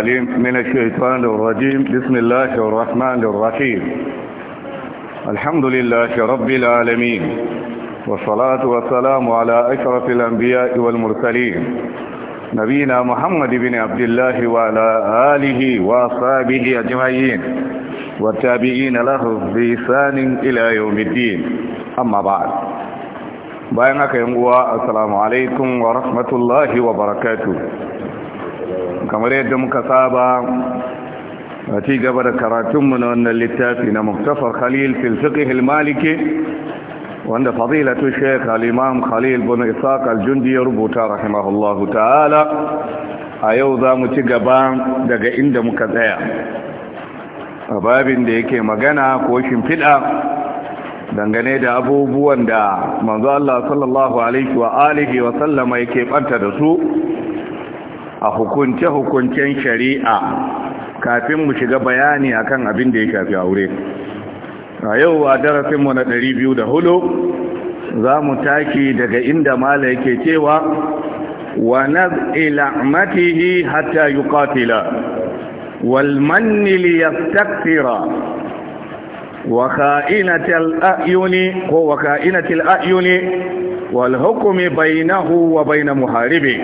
عليم من الشيطان الرجيم بسم الله الرحمن الرحيم الحمد لله رب العالمين والصلاة والسلام على أشرف الأنبياء والمرسلين نبينا محمد بن عبد الله وعلى آله وصحبه أجمعين والتابعين له بإحسان إلى يوم الدين أما بعد بينك يا yan uwa assalamu alaikum wa kamar yadda muka saba a ci gaba da karatunmu na wannan littafi na muktafar khalil fil fiqh maliki wanda fadilatu shaykh al khalil bin isaq al-jundi ya rubuta rahimahullahu ta'ala a yau za mu ci gaba daga inda muka tsaya a babin da yake magana ko shimfiɗa dangane da abubuwan da manzo Allah sallallahu alaihi wa alihi wa sallama yake banta da su a hukunce-hukuncen shari'a kafin mu shiga bayani akan abin da ya shafi aure a yau a darasinmu na biyu da hudu za mu taki daga inda mala yake cewa wa naz'ila'matihi hatta yuqatila wal manni liyastaktira wa kha'inatil a'yuni ko wa kha'inatil a'yuni wal hukmi bainahu wa bain muharibi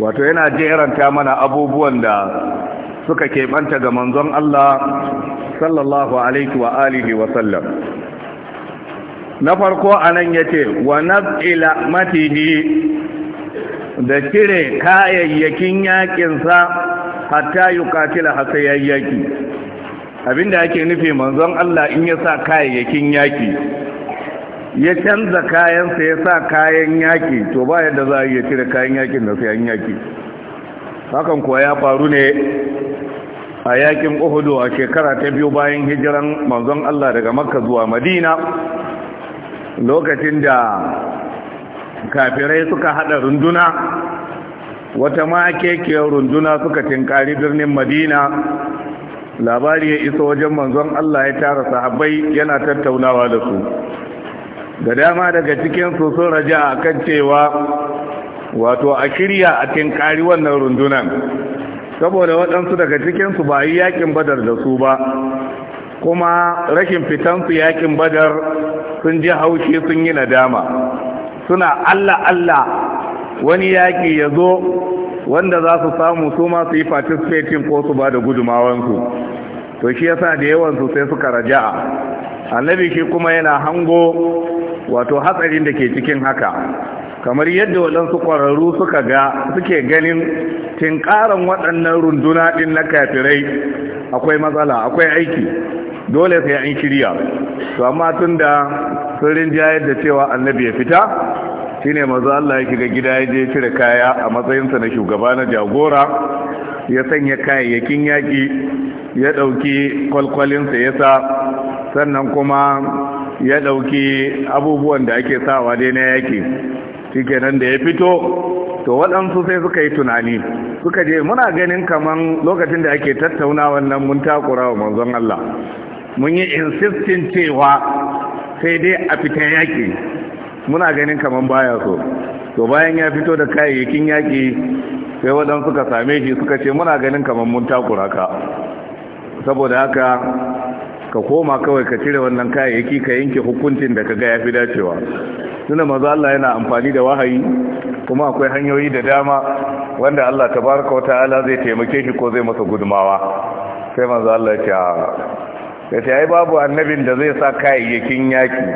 wato yana jeranta mana abubuwan da suka keɓanta ga manzon Allah sallallahu alaihi wa alihi wa sallam na farko anan yace wa naz'ila matini da cire kayayyakin sa hatta yukatila hasayayyaki abinda yake nufi manzon Allah in yasa sa kayayyakin yaki ya canza kayansa ya sa kayan yaki to ba yadda za a iya cire kayan yakin da sayan yaki hakan kuwa ya faru ne a yakin uhudu a shekara ta biyu bayan hijiran manzon Allah daga makka zuwa madina lokacin da kafirai suka haɗa runduna wata makekiyar runduna suka tinkari birnin madina labari ya iso wajen manzon Allah ya tara sahabbai yana tattaunawa da su da dama daga cikin su sun raja a kan cewa wato a shirya a tinkari wannan rundunan saboda waɗansu daga cikinsu ba yi yakin badar da su ba kuma rashin fitansu yakin badar sun ji haushi sun yi nadama suna allah allah wani yaƙi ya zo wanda za su samu su ma su yi participating ko su ba da gudumawansu to shi yasa da yawansu sai suka raja'a annabi shi kuma yana hango wato hatsarin da ke cikin haka kamar yadda waɗansu ƙwararru suka ga suke ganin ƙaran waɗannan runduna ɗin na kafirai akwai matsala akwai aiki dole sai an shirya to amma tun da sirrin rinjayar da cewa annabi ya fita shi ne mazu Allah ya shiga gida ya je cire kaya a matsayinsa na shugaba na jagora ya sanya kayayyakin yaƙi ya ɗauki kwalkwalinsa ya sa sannan kuma ya ɗauki abubuwan da ake sawa dai na yaki nan da ya fito to waɗansu sai suka yi tunani suka je muna ganin kaman lokacin da ake tattauna wannan mun takura wa manzon Allah mun yi insistin cewa sai dai a fita yaki muna ganin kaman baya so to bayan ya fito da kayayyakin yaki sai waɗansu suka same shi suka ce muna ganin kamar mun takura ka saboda haka ka koma kawai ka cire wannan kayayyaki ka yanke hukuncin da ka ya yafi dacewa Suna Maza Allah yana amfani da wahayi kuma akwai hanyoyi da dama wanda Allah ta baraka wa ta'ala zai taimake shi ko zai masa gudumawa sai Maza Allah ya ce ya ce ai babu annabin da zai sa kayayyakin yaki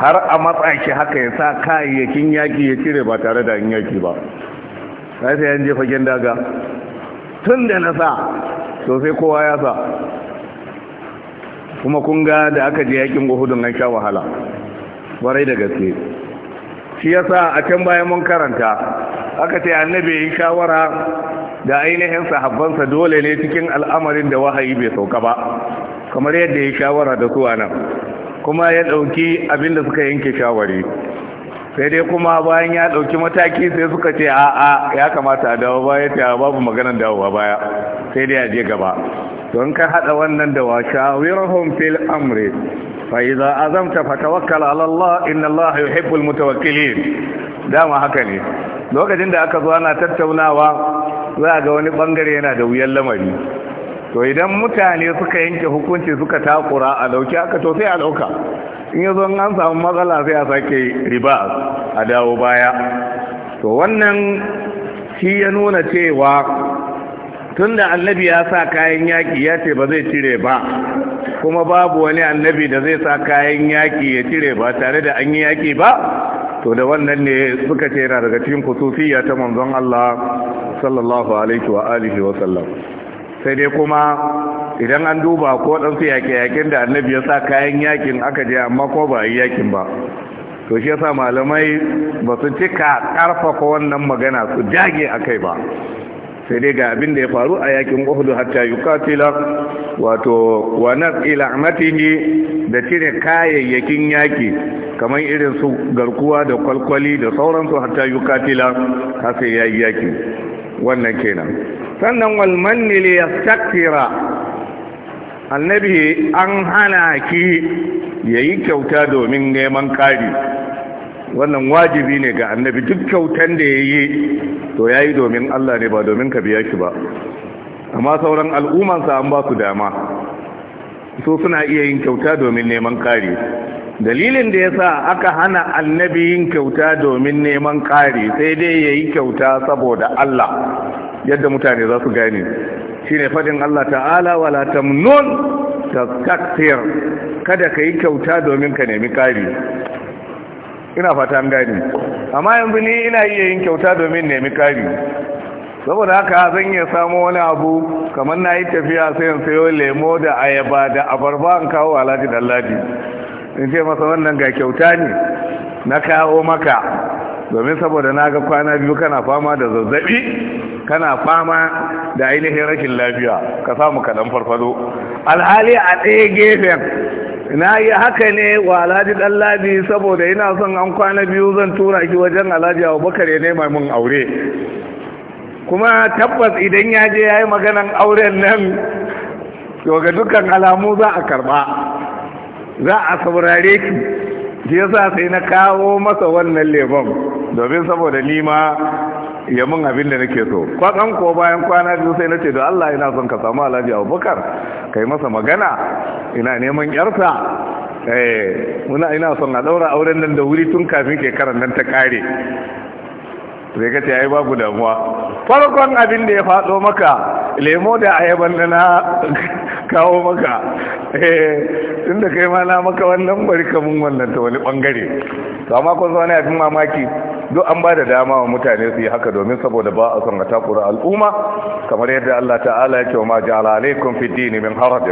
har a matsa shi haka ya sa kayayyakin yaki ya cire ba tare da an yaki ba sai sai an je fagen daga tun da na sa to sai kowa ya sa kuma kun ga da aka je yakin uhudun an sha wahala warai da gaske shi yasa a can bayan mun karanta aka ce annabi yi shawara da ainihin sahabbansa dole ne cikin al'amarin da wahayi bai sauka ba kamar yadda ya shawara da su anan, kuma ya ɗauki abin da suka yanke shawari sai dai kuma bayan ya ɗauki mataki sai suka ce a'a ya kamata a dawo baya ta babu maganar dawowa baya sai dai a je gaba don ka haɗa wannan da washa wirhum fil amri fa idza azamta fatawakkal ala Allah inna Allah yuhibbul mutawakkilin dama haka ne lokacin da aka zo ana tattaunawa za a ga wani bangare yana da wuyan lamari to idan mutane suka yanke hukunci suka takura a dauki aka to sai a dauka in yazo an samu matsala sai a sake riba a dawo baya to wannan shi ya nuna cewa tunda annabi ya sa kayan yaƙi ya ce ba zai cire ba kuma babu wani annabi da zai sa kayan yaƙi ya cire ba tare da an yi yaƙi ba to da wannan ne suka ce yana daga cikin kusufiya ta manzon Allah sallallahu alaihi wa alihi wa sallam sai dai kuma idan an duba ko ɗansu yaƙe-yaƙen da annabi ya sa kayan yaƙin aka je amma ko ba a yi yaƙin ba to shi yasa malamai ba su cika ƙarfafa wannan magana su jage a kai ba sai dai ga abin da ya faru a yakin uhudu hatta yukatila wato wa nasila amatihi da cire kayayyakin yaki kamar irin su garkuwa da kwalkwali da sauransu hatta yukatila har sai yayi yaki wannan kenan sannan wal manni li annabi an hana ki yayi kyauta domin neman kari wannan wajibi ne ga annabi duk kyautan da yayi to yayi domin Allah ne ba domin ka biya shi ba amma sauran sa an ba su dama so suna iya yin kyauta domin neman kari dalilin da yasa aka hana annabi yin kyauta domin neman kari sai dai yayi kyauta saboda Allah yadda mutane za su gane shine fadin Allah ta'ala wala tamnun tastakthir kada kai kyauta domin ka nemi kari ina fata an gani amma yanzu ni ina iya yin kyauta domin nemi kari saboda haka zan iya samu wani abu kamar na yi tafiya sai in sayo lemo da ayaba da abarba an kawo alhaji dallaji in ce masa wannan ga kyauta ne na kawo maka domin saboda na ga kwana biyu kana fama da zazzabi kana fama da ainihin rashin lafiya ka samu kaɗan farfado alhali a ɗaya gefen na yi haka ne wa alhaji ɗallabi saboda ina son an kwana biyu zan tura ki wajen alhaji bakar ya nema min aure kuma tabbas idan ya je ya yi maganan auren nan to dukkan alamu za a karɓa za a saurare ki shi yasa sai na kawo masa wannan lemon domin saboda ni ma ya mun abin da nake so kwakan ko bayan kwana biyu sai na ce, da Allah ina son ka samu Alhaji Abubakar kai masa magana ina neman yarsa eh muna ina son a daura auren nan da wuri tun kafin ke karan nan ta kare sai ka ce ai babu damuwa farkon abin da ya faɗo maka lemo da ayaban da na kawo maka eh, tun da kai ma na maka wannan bari kamun wannan ta wani bangare to amma ko zo ne abin mamaki duk an ba da dama wa mutane su yi haka domin saboda ba a son a takura al'umma kamar yadda Allah ta'ala ya ce ma ja'ala alaikum fi dini min haraj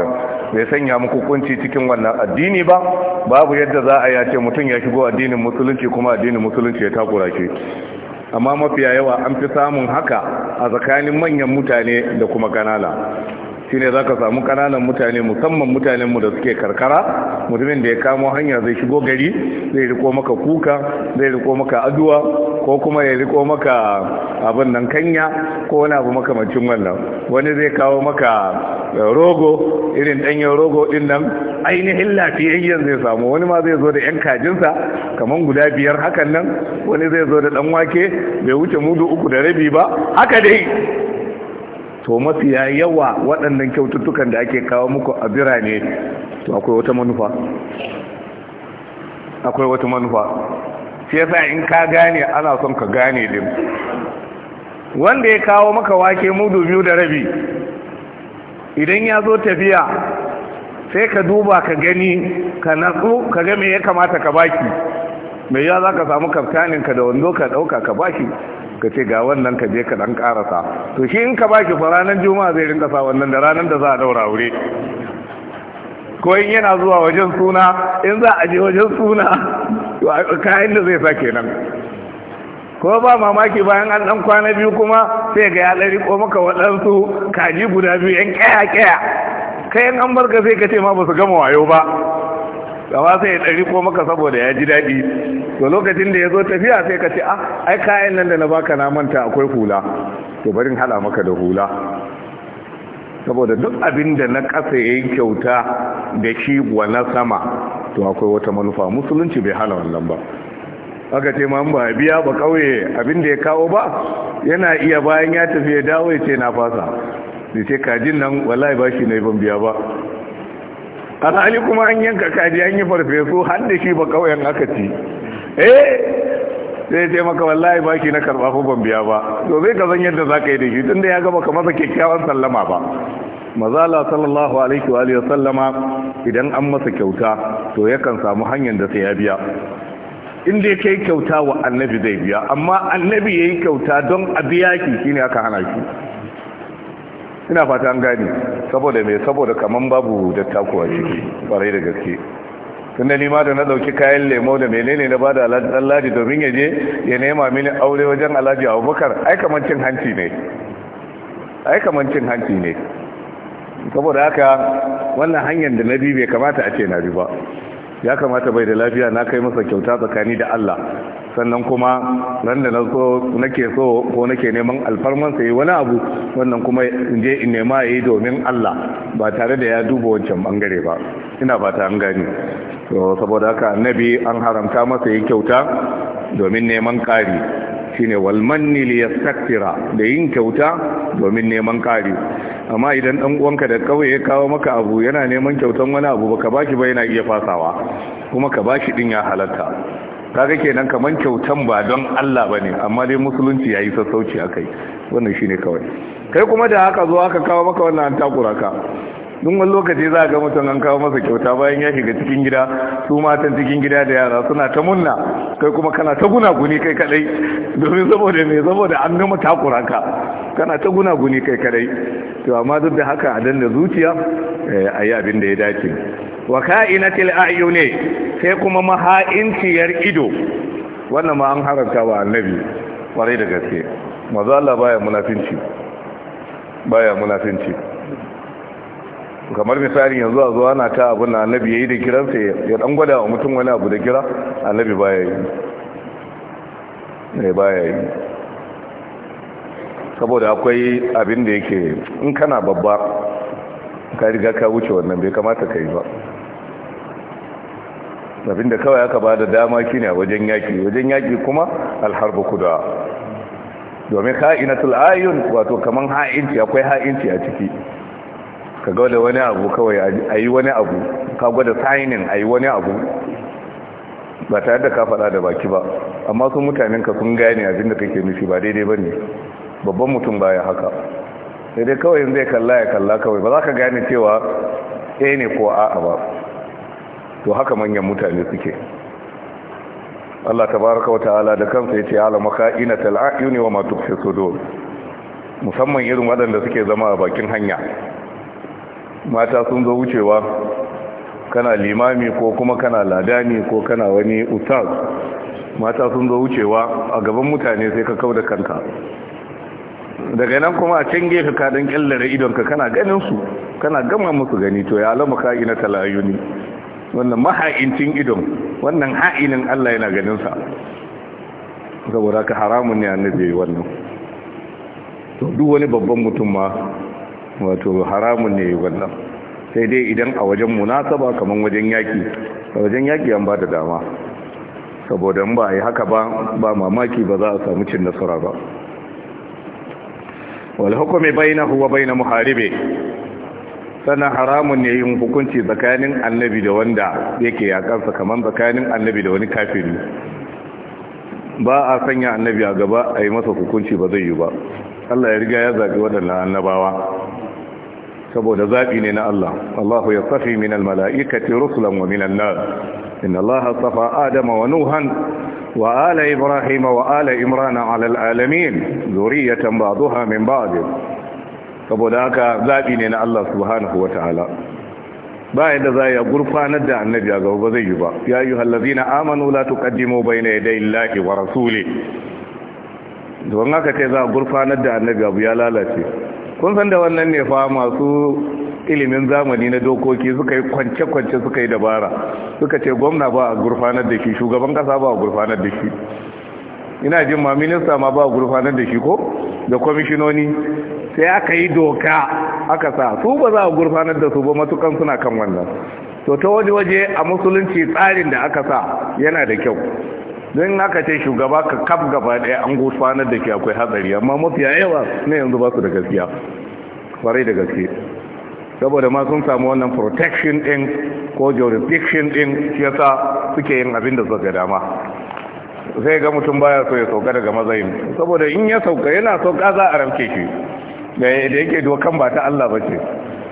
bai sanya muku kunci cikin wannan addini ba babu yadda za a yace mutum ya shigo addinin musulunci kuma addinin musulunci ya takura shi amma mafiya yawa an fi samun haka a tsakanin manyan mutane da kuma kanala. shine za ka samu kananan mutane musamman mutanenmu da suke karkara mutumin da ya kamo hanya zai shigo gari zai riko maka kuka zai riko maka aduwa ko kuma ya riko maka abin nan kanya ko wani abu makamancin wannan wani zai kawo maka rogo irin danyen rogo din nan ainihin lafiyayyen zai samu wani ma zai zo da yan kajinsa kamar guda biyar hakan nan wani zai zo da dan wake bai wuce mudu uku da rabi ba haka dai to mafiya yawa waɗannan kyaututtukan da ake kawo muku a birane to akwai wata manufa akwai wata manufa yasa in ka gane ana son ka gane din wanda ya kawo maka wake mudu biyu da rabi idan ya zo tafiya sai ka duba ka gani ka natsu ka ga me ya kamata ka baki mai yawa za ka samu kaftaninka da wando ka ɗauka ka baki ka ce ga wannan ka je ka dan karasa to shi in ka baki fa ranar juma'a zai rinka sa wannan da ranar da za a daura aure ko in yana zuwa wajen suna in za a je wajen suna kayan da zai sa kenan ko ba mamaki bayan an dan kwana biyu kuma sai ga ya dari ko maka waɗansu kaji guda biyu yan kaya kaya kayan an barka sai ka ce ma ba su gama wayo ba gama sai ya ɗari ko maka saboda ya ji daɗi to lokacin da ya zo tafiya sai ka ce a ah, ai kayan nan da na baka na manta akwai hula to barin haɗa maka da hula saboda duk abin da na ƙasa ya yi kyauta da shi wa na sama to akwai wata manufa musulunci bai hana wannan ba aka ce ma ba biya ba kauye abin da ya kawo ba yana iya bayan ya tafi ya dawo ya ce na fasa da ce kajin nan wallahi ba shi ne ban biya ba ali kuma an yanka kaji an yi farfesu har da shi ba kauyen aka ci eh sai ce maka wallahi baki na karba ko ban biya ba to zai ka san yadda zaka yi da shi tunda ya ga ka masa kyakkyawan sallama ba mazala sallallahu alaihi wa alihi sallama idan an masa kyauta to yakan samu hanyar da sai ya biya in dai kai kyauta wa annabi zai biya amma annabi yayi kyauta don a biya ki shine aka hana shi ina fata an gani saboda mai saboda kaman babu a ciki farai da gaske tun da nima da na dauki kayan lemo da menene na bada alhaji domin ya je ya nema mini aure wajen alhaji abubakar ai kaman cin hanci ne ai kaman cin hanci ne saboda haka wannan hanyar da na bi bai kamata a ce na bi ba ya kamata bai da lafiya na kai masa kyauta tsakani da Allah sannan kuma ran da nake so ko nake neman alfarman sai wani abu wannan kuma in je in nema yayi domin Allah ba tare da ya duba wancan bangare ba ina ba an gani to saboda haka annabi an haramta masa yin kyauta domin neman kari shine wal manni li yastakira da yin kyauta domin neman kari amma idan dan uwanka da kauye ya kawo maka abu yana neman kyautan wani abu baka bashi ba yana iya fasawa kuma ka bashi din ya halatta kaga kenan kaman kyautan ba don Allah bane amma dai musulunci yayi sassauci akai wannan shine kawai kai kuma da haka zo aka kawo maka wannan an takura ka dun wani lokaci za ga mutum an kawo masa kyauta bayan ya shiga cikin gida su matan cikin gida da yara suna ta munna kai kuma kana ta gunaguni kai kadai domin saboda me saboda an gama takura ka kana ta gunaguni kai kadai to amma duk da haka a danna zuciya eh, ayi abin da ya dace wa ka'inatil a'yuni sai kuma maha'inciyar ido wannan ma an haranta wa annabi kwarai da gaske mazu Allah baya munafinci baya munafinci kamar misali yanzu a zuwa na ta abin da annabi ya yi da kiransa ya dan gwada wa mutum wani abu da kira annabi baya yi ne eh, baya yi saboda akwai abin da yake in kana babba ka riga ka wuce wannan bai kamata ka yi ba abinda kawai aka ba da dama a wajen yaki wajen yaki kuma alharbu kuda domin ka'inatul ayun wato kaman ha'inci akwai ha'inci a ciki ka gwada wani abu kawai a yi wani abu ka gwada sainin a yi wani abu ba tare da ka faɗa da baki ba amma sun mutanen ka sun gane abin da kake nufi ba daidai ba ne babban mutum baya haka sai dai kawai zai kalla ya kalla kawai ba za ka gane cewa ɗaya ne ko a'a ba to haka manyan mutane suke Allah tabaraka wa ta'ala da kansa yace ala maka'ina tal'ayuni wa ma tukhfi sudur musamman irin waɗanda suke zama a bakin hanya mata sun zo wucewa kana limami ko kuma kana ladani ko kana wani ustaz mata sun zo wucewa a gaban mutane sai ka kauda kanka daga nan kuma a can gefe ka dan kyallare idonka kana ganin su kana gama musu gani to ya alama ka'inatal talayuni wannan maha'incin idon wannan ha'inin Allah yana ganinsa saboda ka haramun ne annabi wannan to duk wani babban mutum ma wato haramun ne wannan sai dai idan a wajen munasaba kaman wajen yaki a wajen yaki an ba da dama saboda in ba a yi haka ba ba mamaki ba za a samu cin nasara ba wal hukumi bainahu wa bain muharibi sannan haramun ne yin hukunci tsakanin annabi da wanda yake yakansa kamar tsakanin annabi da wani kafiri ba a sanya annabi a gaba a yi masa hukunci ba zai yi ba Allah ya riga ya zaɓi waɗannan annabawa saboda zaɓi ne na Allah Allahu ya safi min almala'ikati rusulan wa min annas inna Allah safa Adama wa Nuhan wa ala Ibrahim wa ala Imran ala alamin zuriyatan ba'daha min ba'd saboda haka zaɓi ne na Allah subhanahu wa ta'ala ba yadda za ya gurfanar da annabi a gaba zai yi ba ya yi hallazi na amanu la tuqaddimu bayna yaday illahi wa rasuli don haka ce za a gurfanar da annabi abu ya lalace kun san da wannan ne fa masu ilimin zamani na dokoki suka yi kwance-kwance suka yi dabara suka ce gwamna ba a gurfanar da shi shugaban kasa ba a gurfanar da shi ina jin ma minista ma ba a gurfanar da shi ko da kwamishinoni sai aka yi doka aka sa su ba za a gurfanar da su ba matukan suna kan wannan to ta waje waje a musulunci tsarin da aka sa yana da kyau don aka ce shugaba ka kaf gaba daya an gurfanar da ke akwai hatsari amma mafiya yawa na yanzu ba su da gaskiya kwarai da gaske saboda ma sun samu wannan protection din ko jurisdiction din shi yasa suke yin abin da suka dama sai ga mutum baya so ya sauka daga mazayin saboda in ya sauka yana sauka za a ramke shi da yake dokan ba ta Allah ba ce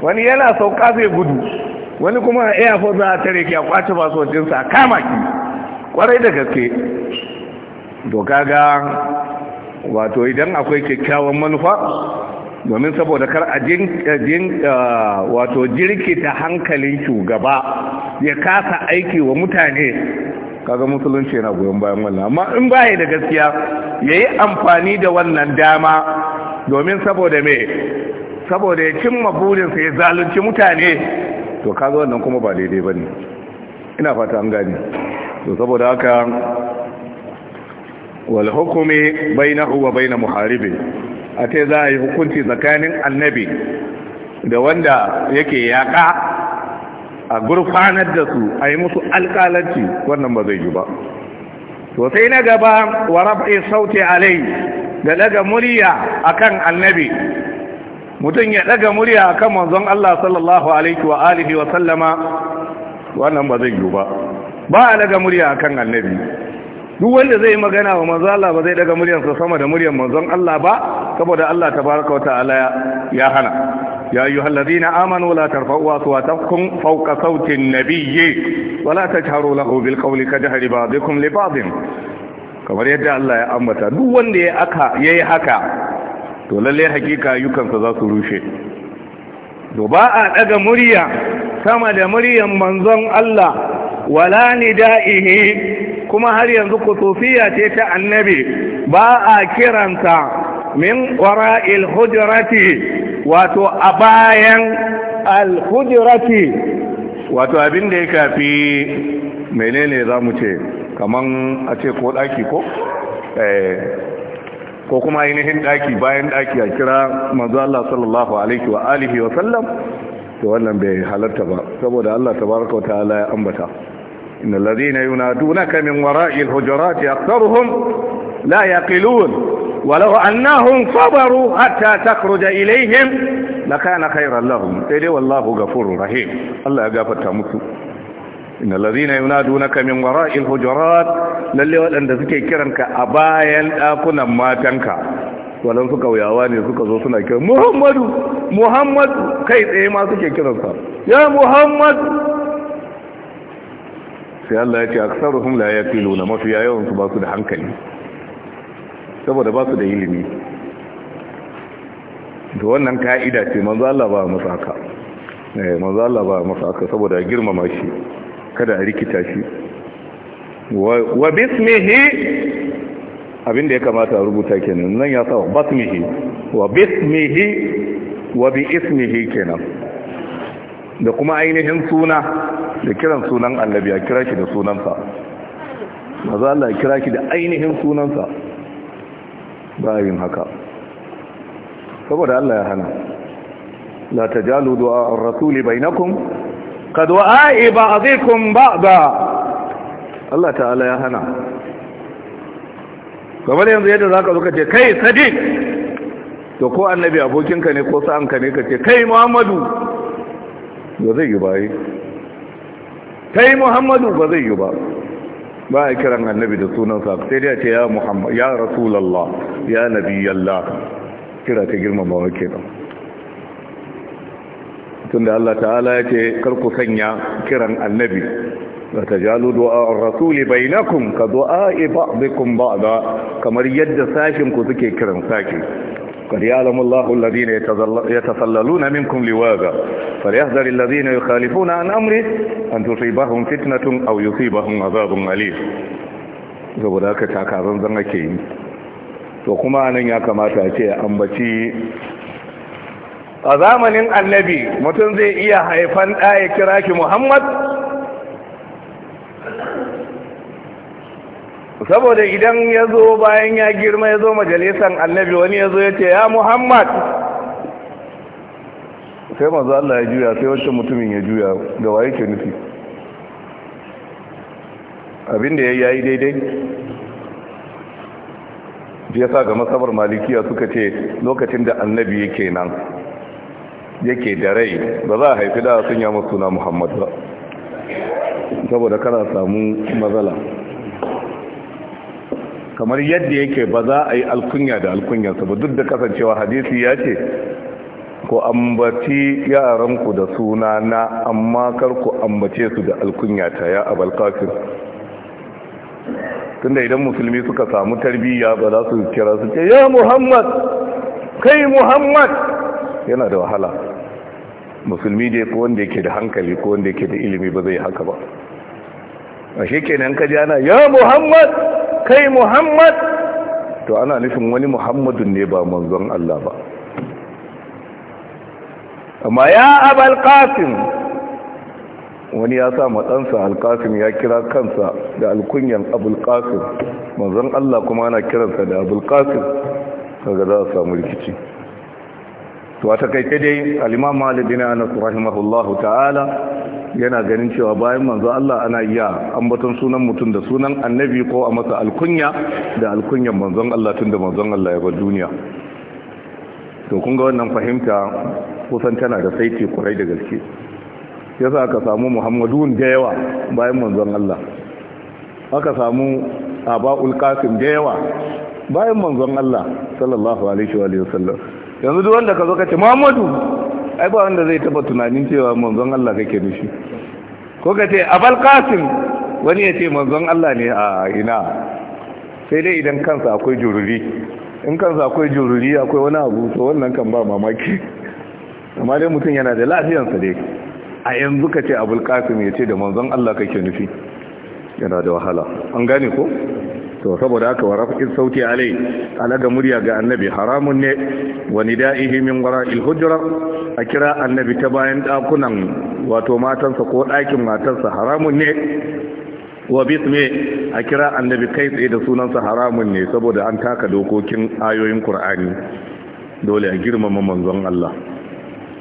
wani yana sauka zai gudu wani kuma a iya za a tare ki a kwace sojinsa a kama ki kwarai da gaske doka ga wato idan akwai kyakkyawan manufa domin saboda kar a jin wato jirkita hankalin shugaba ya kasa aiki wa mutane kaga musulunci yana goyon bayan wannan amma in baya da gaskiya yayi amfani da wannan dama domin saboda me saboda ya cimma burinsa ya zalunci mutane to kaga wannan kuma ba daidai ba ne ina fata an gani to saboda haka wal hukumi bainahu wa bain muharibi a te za a yi hukunci tsakanin annabi da wanda yake yaƙa a gurfanar da su a yi musu alƙalanci wannan ba zai yi ba to na gaba wa raf'i sauti alai da daga murya akan annabi mutum ya daga murya akan manzon Allah sallallahu alaihi wa alihi wa sallama wannan ba zai yi ba ba a daga murya akan annabi duk wanda zai magana wa manzon Allah ba zai daga muryar muryarsa sama da muryar manzon Allah ba saboda Allah tabaraka wa ta'ala ya hana ya ayyuhal ladina amanu la tarfa'u aswatakum fawqa sawti an-nabiyyi wa la tajharu lahu bil qawli kajhari ba'dikum li ba'din kamar yadda Allah ya ambata duk wanda ya aka yayi haka to lalle hakika ayyukansa za su rushe to ba a daga murya sama da muryan manzon Allah wala nidaihi kuma har yanzu kusufiya ce ta annabi ba a kiranta min wara'il hujrati wato a bayan al-hujrati wato abin da ya kafi menene za mu ce kaman a ce ko daki ko eh, ko kuma ainihin daki bayan daki a kira manzo Allah sallallahu alaihi wa alihi wa sallam to wannan bai halarta ba saboda Allah tabaraka wa ta'ala ya ambata innal ladina yunadunaka min wara'il hujurati aktharuhum la yaqilun ولو أنهم صبروا حتى تخرج إليهم لكان خيرا لهم إلي والله غفور رحيم الله يغفر تامسو inna allazina yunadunaka min wara'il hujurat lalle waɗanda suke kiranka a bayan ɗakunan matanka walan suka wuyawa ne suka zo suna kiran Muhammadu Muhammadu kai tsaye ma suke kiransa ya Muhammadu sai Allah ya ce aksaruhum la yaqiluna mafiya yawan su ba su da hankali saboda ba su da ilimi Da wannan ka'ida ce manzo Allah ba masa haka eh manzo Allah ba masa haka saboda girmama shi kada a rikita shi wa bismihi abin da ya kamata a rubuta kenan nan ya sa basmihi wa bismihi wa bi ismihi kenan da kuma ainihin suna da kiran sunan annabi a kira shi da sunansa maza Allah ya kira shi da ainihin sunansa ba yin haka saboda Allah ya hana la tajalu du'a ar-rasuli bainakum ka du'a'i ba'dikum ba'da Allah ta'ala ya hana kamar yanzu yadda zaka ka ce kai sadiq to ko annabi abokinka ne ko sa'anka ne ka ce kai muhammadu ba zai yi ba yi kai muhammadu ba zai yi ba ba a kiran annabi da sunansa sai dai a ce ya rasulallah ya nabi yalla kira ta girmama wake nan tunda Allah ta'ala ya ce ku sanya kiran annabi la tajalu du'a ar-rasul bainakum ka du'a ba'dikum ba'da kamar yadda sashin ku suke kiran saki qad ya'lamu Allahu alladhina yatasallaluna minkum liwaza falyahdhar alladhina yukhalifuna an amri an tusibahum fitnatun aw yusibahum adhabun alim saboda haka taka zan ake yi to kuma anan ya kamata a ce ambaci a zamanin annabi mutum zai iya haifan ɗaya kira ki muhammad saboda idan ya zo bayan ya girma ya zo majalisan annabi wani ya zo ya ce ya muhammad sai mazu Allah ya juya sai wancan mutumin ya juya da waye ke nufi abinda ya yi daidai ya sa ga masabar malikiya suka ce lokacin da annabi yake nan yake da rai ba za a haifi da sun yi masu suna muhammad ba saboda kana samu matsala kamar yadda yake ba za a yi alkunya da alkunyarsa ba duk da kasancewa hadisi ya ce ku ambaci yaranku da suna na amma karku ambace su da alkunya ta ya tun tunda idan musulmi suka samu tarbiyya ba za su kira su ce ya muhammad kai muhammad yana da wahala musulmi dai ko wanda yake da hankali ko wanda yake da ilimi ba zai haka ba a shekenan ka jana ya muhammad kai muhammad to ana nufin wani muhammadun ne ba manzon Allah ba amma ya abal qasim wani ya sa matsansa alkasim ya kira kansa da alkunyan abulkasim manzon Allah kuma ana kiransa da abulkasim kaga za a samu rikici to a takaice dai al-imam malik bin anas rahimahullahu ta'ala yana ganin cewa bayan manzo Allah ana iya ambaton sunan mutum da sunan annabi ko a masa alkunya da alkunyan manzon Allah tunda manzon Allah ya bar duniya to kun ga wannan fahimta kusan tana da saiti kurai da gaske yasa aka samu muhammadun da yawa bayan manzon Allah aka samu aba'ul qasim da yawa bayan manzon Allah sallallahu alaihi wa sallam yanzu duk wanda ka zo ka ce muhammadu ai ba wanda zai taba tunanin cewa manzon Allah kake nufi ko ka ce abal qasim wani ya ce manzon Allah ne a ina sai dai idan kansa akwai jururi in kansa akwai jururi akwai wani abu to wannan kan ba mamaki amma dai mutum yana da lafiyarsa dai a yanzu ka ce abul qasim ya ce da manzon Allah kake nufi yana da wahala an gane ko to saboda haka wa rafqis sauti alai alaga murya ga annabi haramun ne wa nida'ihi min wara'il hujra a kira annabi ta bayan dakunan wato matansa ko ɗakin matansa, haramun ne wa bisme a kira annabi kai tsaye da sunansa haramun ne saboda an taka dokokin ayoyin qur'ani dole a girmama manzon Allah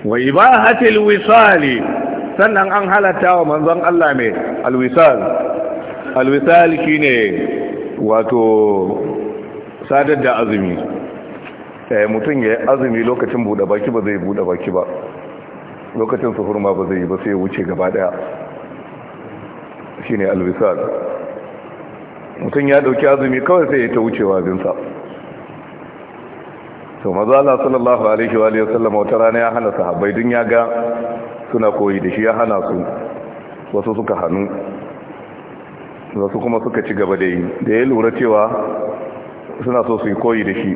wa ibahatil wisali sannan an halatta wa manzon Allah mai alwisal alwisal shine wato sadar da azumi eh, mutum ya azumi lokacin buɗe baki ba zai buɗe baki ba lokacin su hurma ba zai yi ba sai wuce gaba daya shine alwisal mutum ya dauki azumi kawai sai ya ta wucewa binsa to maza Allah sallallahu alaihi wa alihi wasallam wata rana ya hana sahabbai dun ya ga suna koyi da shi ya hana su wasu suka hannu su kuma suka ci gaba da yi da ya lura cewa suna so su yi koyi da shi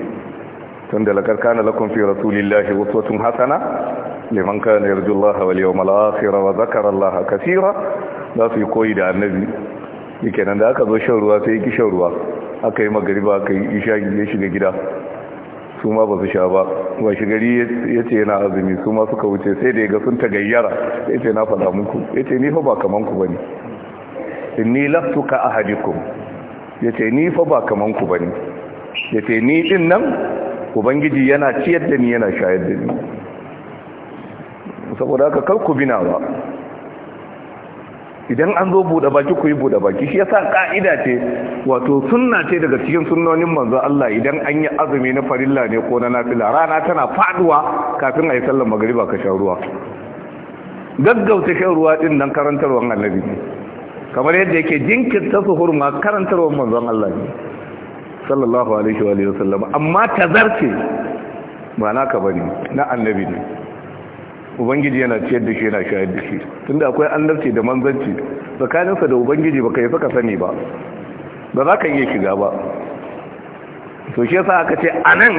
tun da lakar kana lakon fi rasulillahi uswatun hasana liman kana yarjullaha wal yawmal Laha wa allaha kasira za su yi koyi da annabi yake nan da aka zo shan ruwa sai ki shan ruwa aka yi magariba aka yi isha ya shiga gida su ma ba su sha ba Wa gari ya ce yana azumi su ma suka wuce sai da ya ga sun tagayyara ya ce na faɗa muku ya ce ni fa ba kamanku ba ne inni laftuka ahadikum yace ni fa ba kaman ku bane yace ni din nan ubangiji yana ciyar da ni yana shayar da ni saboda haka kalku bina ba idan an zo buɗe baki ku yi buɗe baki shi yasa ka'ida ce wato sunna ce daga cikin sunnonin manzo Allah idan an yi azumi na farilla ne ko na nafila rana tana faduwa kafin ayi sallar magriba ka sha ruwa gaggauta shan ruwa din nan karantarwar annabi kamar yadda yake jinkirta suhur ma karantarwar manzon Allah ne sallallahu alaihi wa alihi wasallam amma tazarce ba ka bari na annabi ne ubangiji yana ciyar da shi yana shayar da shi tunda akwai annabci da manzanci tsakaninsa da ubangiji baka yi saka sani ba ba za ka iya shiga ba to shi yasa aka ce anan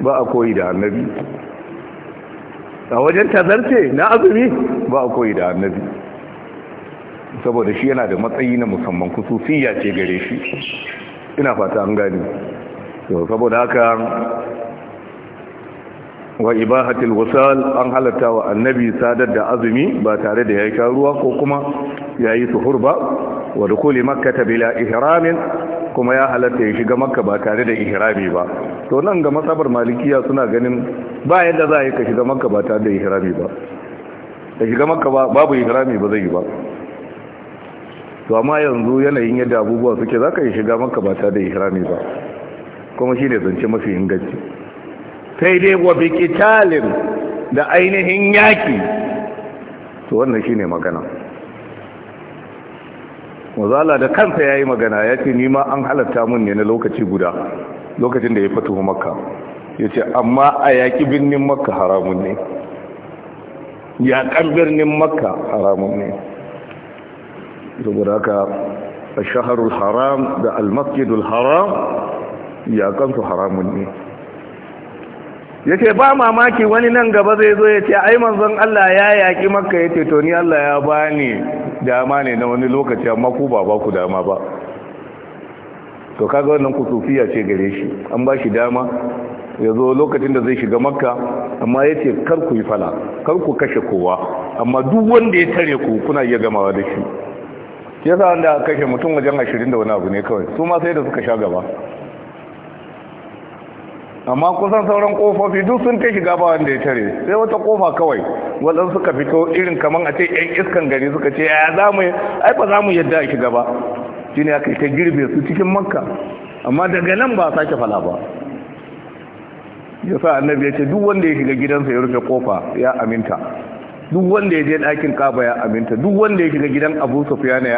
ba a koyi da annabi a wajen tazarce na azumi ba a koyi da annabi saboda shi yana da matsayi na musamman kususiya ce gare shi ina fata an gani saboda haka wa ibahatul wasal an halatta wa annabi sadar da azumi ba tare da ya ruwa ko kuma ya suhur ba wa dukuli makkata bila ihramin kuma ya halatta ya shiga makka ba tare da ihrami ba to nan ga masabar malikiya suna ganin ba yadda za a yi ka shiga makka ba tare da ihrami ba ka shiga makka ba, babu ihrami ba zai yi ba to amma yanzu yanayin yadda abubuwa suke za ka yi shiga maka ba ta da ihrami ba kuma shi ne zance mafi inganci sai dai wa bikitalin da ainihin yaki to wannan shi ne magana mazala da kansa ya yi magana ya ce nima an halatta mun ne na lokaci guda lokacin da ya fito makka yace amma a yaki birnin makka haramun ne yaƙan birnin makka haramun ne saboda haka shaharul haram da almasjidul haram ya su haramun ne ya ce ba mamaki wani nan gaba zai zo ya ce ai manzon Allah ya yaƙi makka ya ce to Allah ya bani dama ne na wani lokaci amma ku ba ba ku dama ba to kaga wannan ku Sufiya ce gare shi an ba shi dama ya zo lokacin da zai shiga makka amma ya ce kar ku yi fala kar ku kashe kowa amma duk wanda ya tare ku kuna iya gamawa da shi shi yasa wanda aka kashe mutum wajen ashirin da wani abu ne kawai su ma sai da suka sha gaba amma kusan sauran kofofi duk sun ta shiga ba wanda ya tare sai wata kofa kawai waɗansu suka fito irin kamar a ce yan iskan gari suka ce ya za mu ai ba za mu yadda a shiga ba ne aka ta girbe su cikin makka amma daga nan ba sake fala ba Ya sa annabi ya ce duk wanda ya shiga gidansa ya rufe kofa ya aminta duk wanda ya je ɗakin kaba ya aminta duk wanda ya shiga gidan abu sufiyana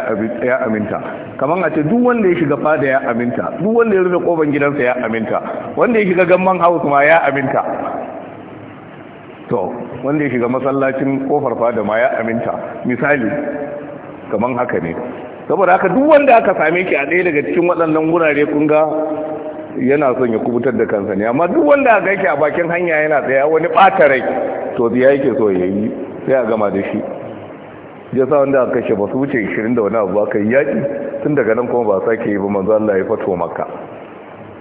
ya aminta kamar a ce duk wanda ya shiga fada ya aminta duk wanda ya rufe koban gidansa ya aminta wanda ya shiga gamman house ma ya aminta to wanda ya shiga masallacin ƙofar fada ma ya aminta misali kamar haka ne saboda haka duk wanda aka same ki a ɗaya daga cikin waɗannan wurare kun ga yana son ya kubutar da kansa ne amma duk wanda aka gaishe a bakin hanya yana tsaya wani ɓata rai to ya yake so ya yi sai a gama da shi ya sa wanda aka kashe ba su wuce 20 da wani abu aka yi yaƙi tun daga nan kuma ba sake yi ba manzo Allah ya fato makka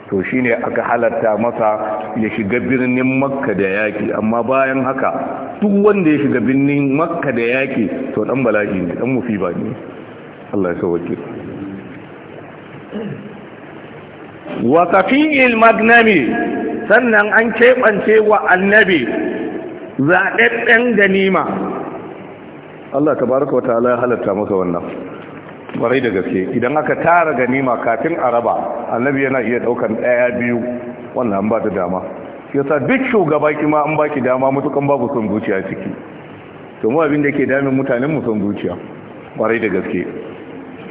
to shi ne aka halatta masa ya shiga birnin makka da yaƙi amma bayan haka duk wanda ya shiga birnin makka da yaƙi to dan bala'i ne dan musiba ne Allah ya sauke wa tafi'il magnami sannan an keɓance wa annabi zaɗaɗɗen ganima Allah ta tabaraka wata ya halatta masa wannan barai da gaske idan aka tara ganima kafin a raba, annabi yana iya ɗaukan ɗaya biyu wannan an ba da dama yasa duk shugaba kima an baki dama mutukan babu son zuciya ciki to mu abin da ke damin mutanen mu son zuciya barai da gaske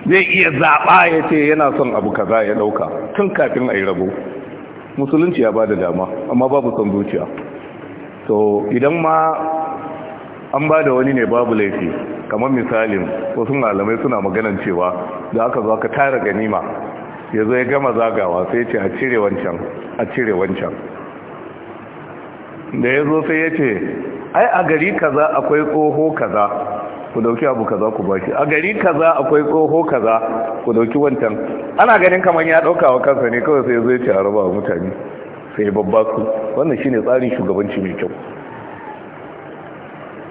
zai iya zaɓa ya ce yana son abu kaza ya ɗauka, tun kafin ayi rabo musulunci ya ba da dama amma babu son zuciya so idan ma an ba da wani ne babu laifi kamar misalin wasu malamai suna maganan cewa da aka zo aka tara ganima ya zo ya gama zagawa sai ce a cire wancan a cire wancan da ya zo sai ya ce ai a gari kaza akwai tsoho kaza ku dauki abu kaza ku bashi a gari kaza akwai tsoho kaza ku dauki wancan ana ganin kamar ya dauka wa kansa ne kawai sai ya zo ya ce a raba mutane sai babba su wannan shine tsarin shugabanci mai kyau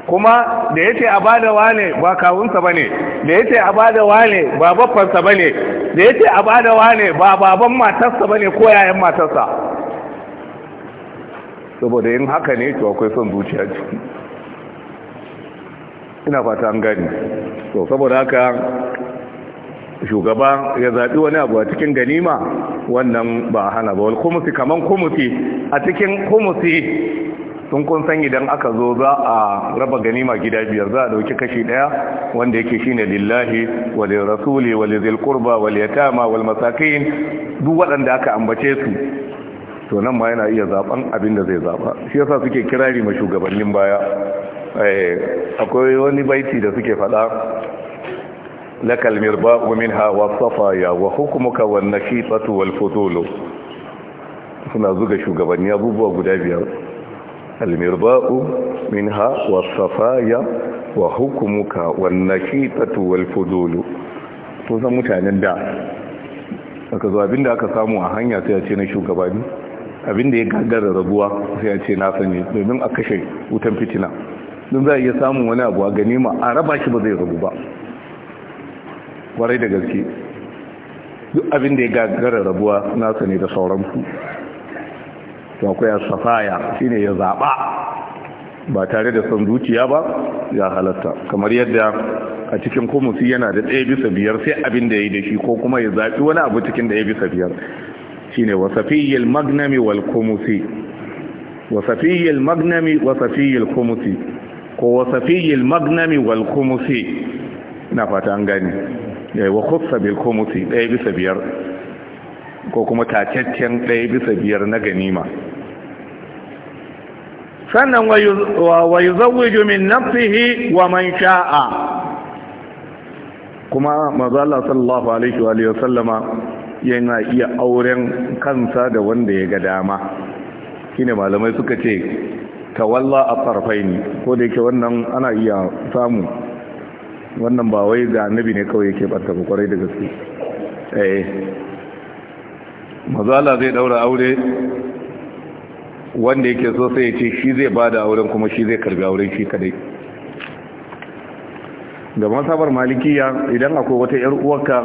kuma da yace a bada wane ba kawunsa bane da yace a bada wane ba babbansa bane da yace a bada wane ba baban matarsa bane ko yayan matarsa saboda yin haka ne to akwai son zuciya ciki ina fata an gani to saboda haka shugaba ya zaɓi wani abu a cikin ganima wannan ba a hana ba wani kumusi kaman kumusi a cikin kumusi sun kun san idan aka zo za a raba ganima gida biyar za a dauki kashi ɗaya wanda yake shine lillahi wale rasuli wale zilkurba wale ya tama wale masakin duk waɗanda aka ambace su to nan ma yana iya zaɓen abin da zai zaba shi yasa suke kirari ma shugabannin baya eh, akwai wani baiti da suke faɗa لك المرباء منها والصفايا وحكمك والنشيطة والفضول suna zuga shugabanni abubuwa guda biyar almirba'u minha wasafaya wa hukumuka wannakitatu walfudulu to san mutanen da aka zo abinda aka samu a hanya sai a ce na shugabanni abinda ya gagara rabuwa sai a ce na sani domin a kashe wutan fitina don za a iya samun wani abu a ma a raba shi ba zai rabu ba warai da gaske duk abin da ya gagara rabuwa nasa ne da sauransu to akwai asafaya shine ya zaba ba tare da san zuciya ba ya halatta kamar yadda a cikin kumusi yana da ɗaya bisa biyar sai abin da ya yi da shi ko kuma ya zaɓi wani abu cikin ɗaya bisa biyar Shi shine wasafiyyar magnami wal kumusi wasafiyyar magnami wasafiyyar komusi ko wasafiyyar magnami wal na fata an gani Eh, wa khuffa bil komuti ɗaya bisa biyar ko kuma tacaccen ɗaya bisa biyar na ganima sannan wa yuzawwiju min nafihi wa man sha'a kuma manzo Allah sallallahu alaihi wa sallama wasallama yana iya auren kansa da wanda ya ga dama shine malamai suka ce tawalla a ne, ko da yake wannan ana iya samu wannan ba wai ga annabi ne kawai yake barta ba kwarai da gaske eh mazala zai daura aure wanda yake so sai ya ce shi zai bada auren kuma shi zai karbi auren shi kadai ga masabar malikiya idan akwai wata yar uwarka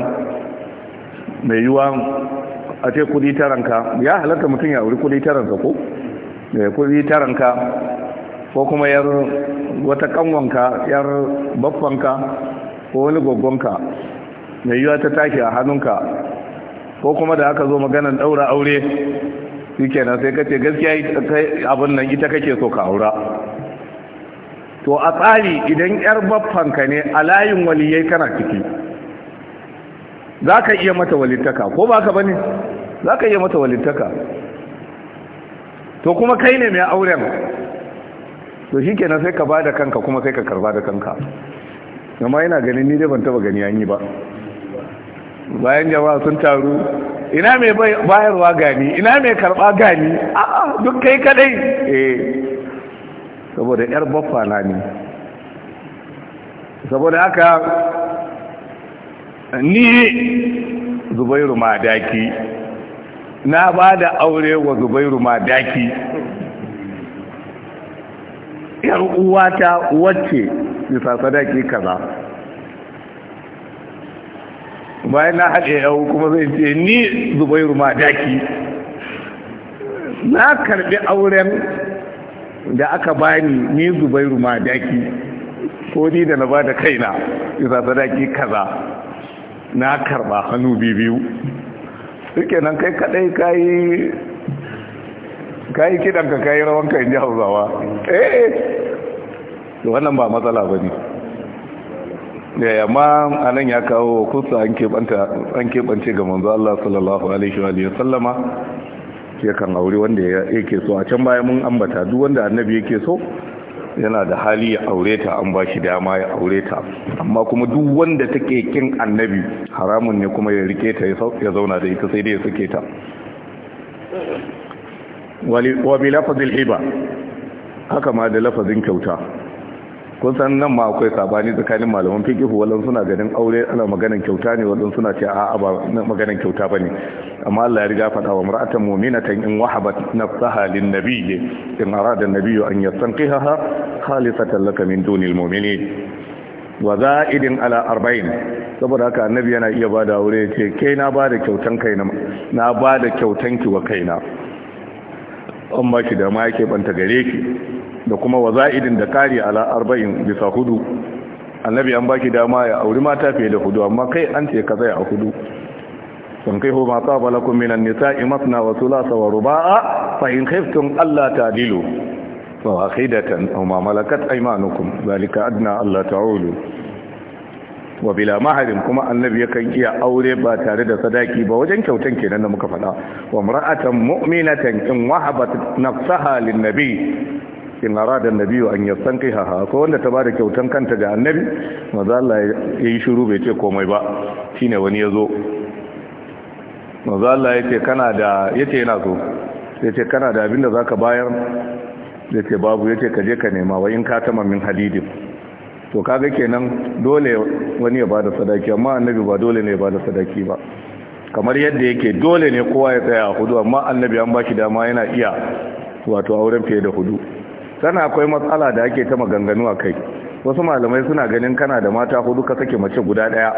mai yuwa a ce kudi taranka ya halarta mutum ya auri kudi taranka ko eh, kudi taranka ko kuma yar wata kanwanka yar baffanka ko wani gogonka mai yiwa ta tashi a hannunka ko kuma da aka zo maganan daura aure ke na sai kace gaskiya abin nan ita kake so ka aura to a tsari idan yar baffanka ne a layin waliyai kana ciki za ka iya mata walittaka ko ba ka bane za ka iya mata walittaka to kuma kai ne mai auren to shi kenan sai ka ba da kanka kuma sai ka karba da kanka amma yana ganin ni dai ban taba gani an yi ba bayan jama'a sun taru ina mai bayarwa gani ina mai karba gani a'a duk kai kadai eh saboda yar baffa na ne saboda haka ni zubairu madaki na ba da aure wa zubairu madaki yar uwata wacce da ke kaza bayan na haɗe yau kuma zai ce ni zubairu ma daki na karɓi auren da aka bani ni zubairu ma daki ko ni da na ba da kaina da ke kaza na karɓa hannu biyu suke nan kai kaɗai kayi ka yi kiɗanka ka yi rawanka in ji hausawa eh wannan ba matsala ba ne yaya eh, ma a nan ya kawo wa kusa an keɓance ga manzo Allah sallallahu alaihi wa sallama ya kan aure wanda yake so a can bayan mun ambata duk wanda annabi yake so yana da hali ya aure ta an ba shi dama ya aure ta amma kuma duk wanda take kin annabi haramun ne kuma ya rike ta ya zauna da ita sai dai ya sake ta wa bi lafazil hiba haka ma da lafazin kyauta kun san nan ma akwai sabani tsakanin malaman fiqh wallan suna ganin aure ana maganan kyauta ne wallan suna ce a'a ba maganan kyauta ne. amma Allah ya riga faɗa wa mumina mu'minatan in wahabat nafsaha lin nabiyyi in arada an-nabiyyu an yastanqihaha khalisatan laka min dunil mu'minin wa za'idin ala arba'in saboda haka annabi yana iya bada aure ce kai na bada kyautan kaina na bada ki wa kaina an ba shi dama ya keɓanta gare ki da kuma waza'idin da kari ala arba'in bisa hudu annabi an ba ki dama ya auri mata fiye da hudu amma kai an ce ka tsaya a hudu sun kai hu mata balakun minan nisa masna wa sulasa wa ruba'a fa in khiftum alla ta'dilu fa wahidatan aw ma malakat aymanukum zalika adna alla ta'ulu wa bila maharin kuma annabi yakan iya aure ba tare da sadaki ba wajen kyautan kenan da muka faɗa wa mar'atan mu'minatan in wahabat nafsaha lin nabi in arada nabi an yastanqiha ko wanda ta bada kyautan kanta ga annabi maza Allah yi shiru bai ce komai ba shine wani yazo maza Allah yace kana da yace yana so yace kana da abinda zaka bayar yace babu yace ka je ka nema wa in ka tama min hadidin to kaga kenan dole wani ya bada sadaki amma annabi ba dole ne ya bada sadaki ba kamar yadda yake dole ne kowa ya tsaya a hudu amma annabi an baki dama yana iya wato auren fiye da hudu sana akwai matsala da ake ta maganganu a kai wasu malamai suna ganin kana da mata hudu ka sake mace guda daya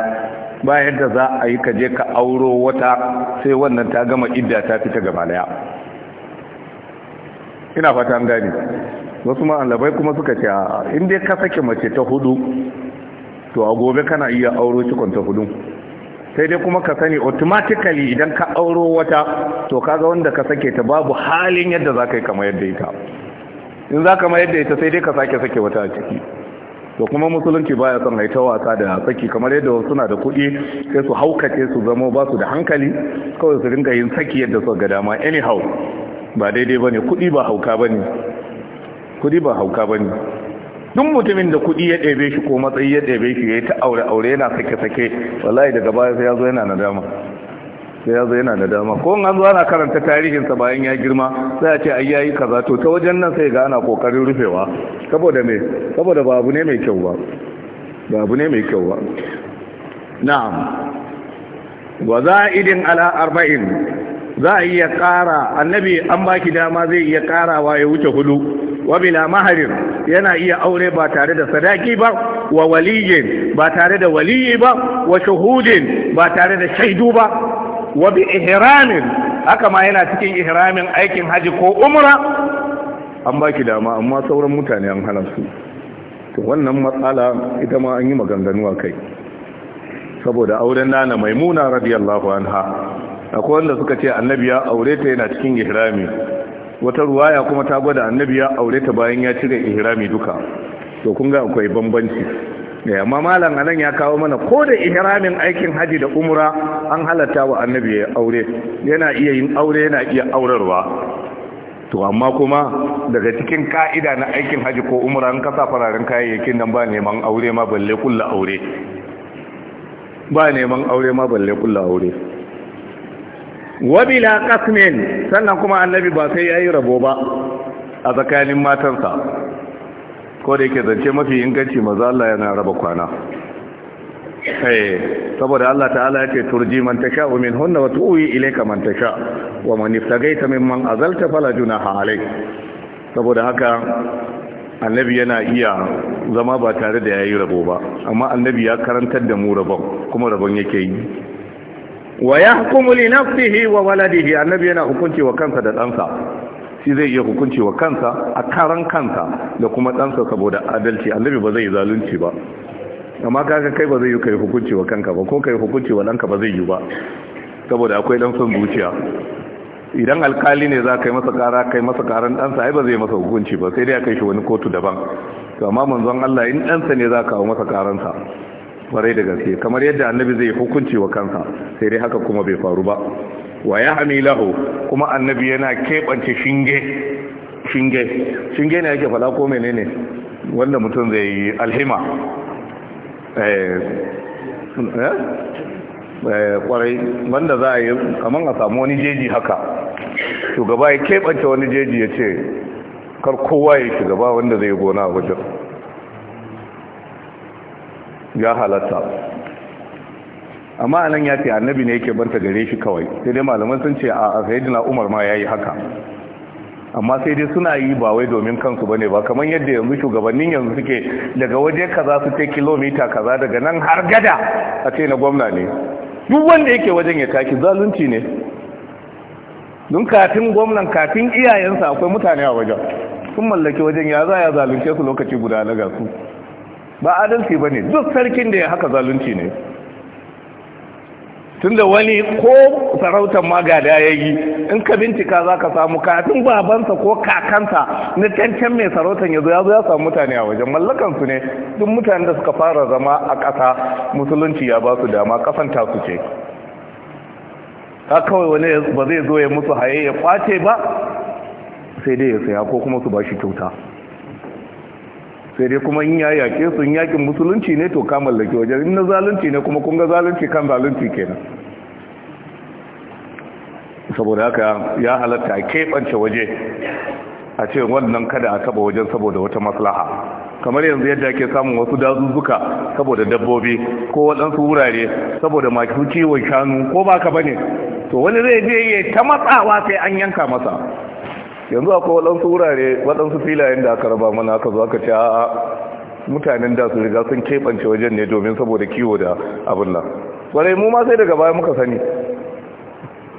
bayan yadda za a yi ka je ka auro wata sai wannan ta gama idda ta fita gaba daya ina fata an gane wasu ma'alabai kuma suka ce a inda ka sake mace ta hudu to a gobe kana iya auro cikon ta hudu sai dai kuma ka sani automatically idan ka auro wata to kaga wanda ka sake ta babu halin yadda za ka yi kama yadda ita in za ka ma yadda ita sai dai ka sake sake wata a ciki to kuma musulunci baya son haita wasa da saki kamar yadda wasu suna da kuɗi sai su haukace su zama ba su da hankali kawai su dinga yin saki yadda su ga dama anyhow ba daidai bane kuɗi ba hauka bane kudi ba hauka ba ne duk mutumin da kudi ya ɗebe shi ko matsayi ya ɗebe shi ya yi ta aure-aure yana sake-sake wallahi daga baya sai ya zo yana nadama sai ya zo yana nadama ko an zo ana karanta tarihinsa bayan ya girma sai a ce ai yayi kaza to ta wajen nan sai ga ana kokarin rufewa saboda me saboda ba abu ne mai kyau ba ba abu ne mai kyau ba na'am wa za'idin ala arba'in za a iya ƙara annabi an baki dama zai iya ƙarawa ya wuce hudu wa bila maharin yana iya aure ba tare da sadaki ba wa waliyin ba tare da waliyi ba wa shahudin ba tare da shaidu ba wa bi ihramin haka ma yana cikin ihramin aikin haji ko umra an baki dama amma sauran mutane an hana su to wannan matsala ita ma an yi maganganu a kai saboda auren nana maimuna radiyallahu anha akwai wanda suka ce annabi ya aure ta yana cikin ihrami wata ruwaya kuma ta gwada annabi ya aure ta bayan ya cire ihrami duka to kun ga akwai bambanci eh, amma malam anan ya kawo mana ko da ihramin aikin haji da umra an halatta wa annabi ya aure yana iya yin aure yana iya aurarwa to amma kuma daga cikin ka'ida na aikin haji ko umra an kasa fararen kayayyakin nan ba neman aure ma balle kullu aure ba neman aure ma balle kullu aure wabila kasmin sannan kuma annabi ba sai ya yi rabo ba a tsakanin matansa ko da yake zance mafi inganci maza Allah yana raba kwana eh, saboda Allah ta'ala ya ce turji man tasha wa min hunna wa tu'i ilayka man tasha wa man iftagaita man azalta fala junaha alayk saboda haka annabi yana iya zama ba tare da yayi rabo ba amma annabi ya karantar da mu rabon kuma rabon yake yi wa hukumu li nafsihi wa waladihi annabi yana hukunci wa kansa da ɗansa shi zai iya hukunci wa kansa a karan kansa da kuma ɗansa saboda adalci annabi ba zai zalunci ba amma kaga kai ba zai yi kai hukunci wa kanka ba ko kai hukunci wa ɗanka ba zai yi ba saboda akwai ɗan son zuciya idan alkali ne za ka yi masa kara kai masa karan ɗansa ai ba zai masa hukunci ba sai dai a kai shi wani kotu daban to amma manzon Allah in ɗansa ne za ka masa karansa kwarai da gaske kamar yadda annabi zai hukunci wa kansa sai dai haka kuma bai faru ba wa ya hamilahu kuma annabi yana keɓance shinge shinge shinge ne yake fala ko menene wanda mutum zai yi alhima eh, eh, eh, kwarai wanda za a yi kamar a samu wani jeji haka shugaba ya keɓance wani jeji ya ce kar kowa ya shugaba wanda zai gona a wajen ya halatta amma anan ya ce annabi ne yake banta gare shi kawai sai dai malaman sun ce a sayyidina umar ma yayi haka amma sai dai suna yi ba wai domin kansu bane ba kamar yadda yanzu shugabannin yanzu suke daga waje kaza su take kilomita kaza daga nan har gada a ce na gwamna ne duk wanda yake wajen ya taki zalunci ne don kafin gwamnan kafin iyayensa akwai mutane a wajen sun mallaki wajen ya za ya zalunce su lokaci guda na gasu ba adalci ba ne duk sarkin da ya haka zalunci ne tunda wani ko sarautar magada ya yi in ka bincika za ka samu kafin babansa ko kakansa na cancan mai sarautar ya zo ya zo ya samu mutane a wajen mallakansu ne duk mutane da suka fara zama a ƙasa musulunci ya ba su dama ƙasan tasu ce ta kawai wani ba zai zo ya musu haye ya kwace ba sai dai ya saya ko kuma su ba shi kyauta sai dai kuma in ya yake su yakin musulunci ne to ka mallaki wajen in na zalunci ne kuma kunga ga zalunci kan zalunci kenan saboda haka ya halatta a keɓance waje a ce wannan kada a taba wajen saboda wata maslaha kamar yanzu yadda ake samun wasu dazuzzuka saboda dabbobi ko waɗansu wurare saboda masu kiwon shanu ko ba ka ne, to wani zai je ya ta matsawa sai an yanka masa yanzu akwai waɗansu wurare waɗansu filayen da aka raba mana aka zo aka ce a'a mutanen da su riga sun keɓance wajen ne domin saboda kiwo da abin nan ƙwarai mu ma sai daga baya muka sani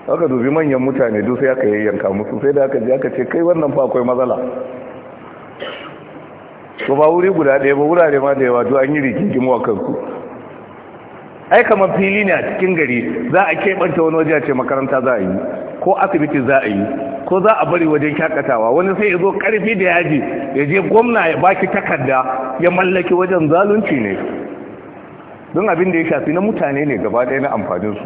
aka dubi manyan mutane duk sai aka yayyanka musu sai da aka ji aka ce kai wannan fa akwai matsala to ba wuri guda ɗaya ba wurare ma da yawa duk an yi rigingimu a kansu ai kamar fili ne a cikin gari za a keɓanta wani waje a ce makaranta za a yi ko asibiti za a yi ko za a bari wajen shakatawa wani sai ya zo karfi da yaji ya je gwamna ya baki takarda ya mallaki wajen zalunci ne don abin da ya shafi na mutane ne gaba ɗaya na amfaninsu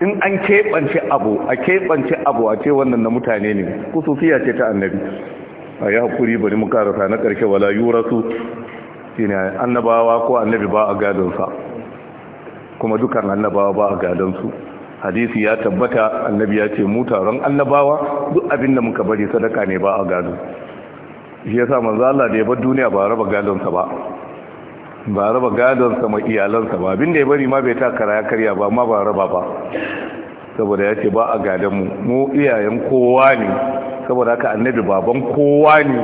in an keɓance abu a keɓance abu a ce wannan na mutane ne kusurfiya ce ta annabi a yi haƙuri bari mu karasa na ƙarshe wala yurasu shi ne annabawa ko annabi ba a gadonsa kuma dukan annabawa ba a gadonsu hadisi ya tabbata annabi ya ce mu taron annabawa duk abin da muka bari sadaka ne ba a gado shi yasa manzo Allah da ya bar duniya ba raba gadonsa ba ba raba gadonsa ma iyalansa ba abinda da ya bari ma bai ta karaya karya ba ma ba raba ba saboda ya ce ba a gadon mu mu iyayen kowa ne saboda haka annabi baban kowa ne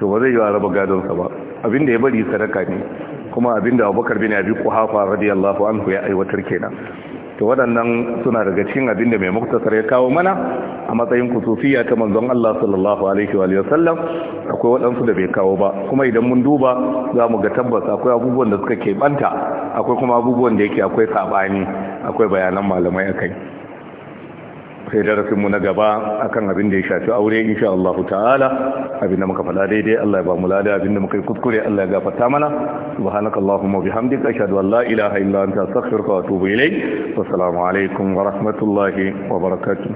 to ba zai yi a raba gadonsa ba abin da ya bari sadaka ne kuma abinda abubakar bin abi kuhafa radiyallahu anhu ya aiwatar kenan to waɗannan suna daga cikin abinda mai muktasar ya kawo mana a matsayin kusufiya ta manzon Allah sallallahu alaihi wa sallam akwai waɗansu da bai kawo ba kuma idan mun duba za mu ga tabbas akwai abubuwan da suka keɓanta akwai kuma abubuwan da yake akwai saɓani akwai bayanan malamai akai sai darasinmu na gaba akan abin da ya shafi aure insha Allah ta'ala abin da muka faɗa daidai Allah ya ba mu lada abin da muka yi kuskure Allah ya gafarta mana subhanakallahumma bihamdika ashhadu an la ilaha illa anta astaghfiruka wa atubu ilayk assalamu alaikum wa rahmatullahi wa barakatuh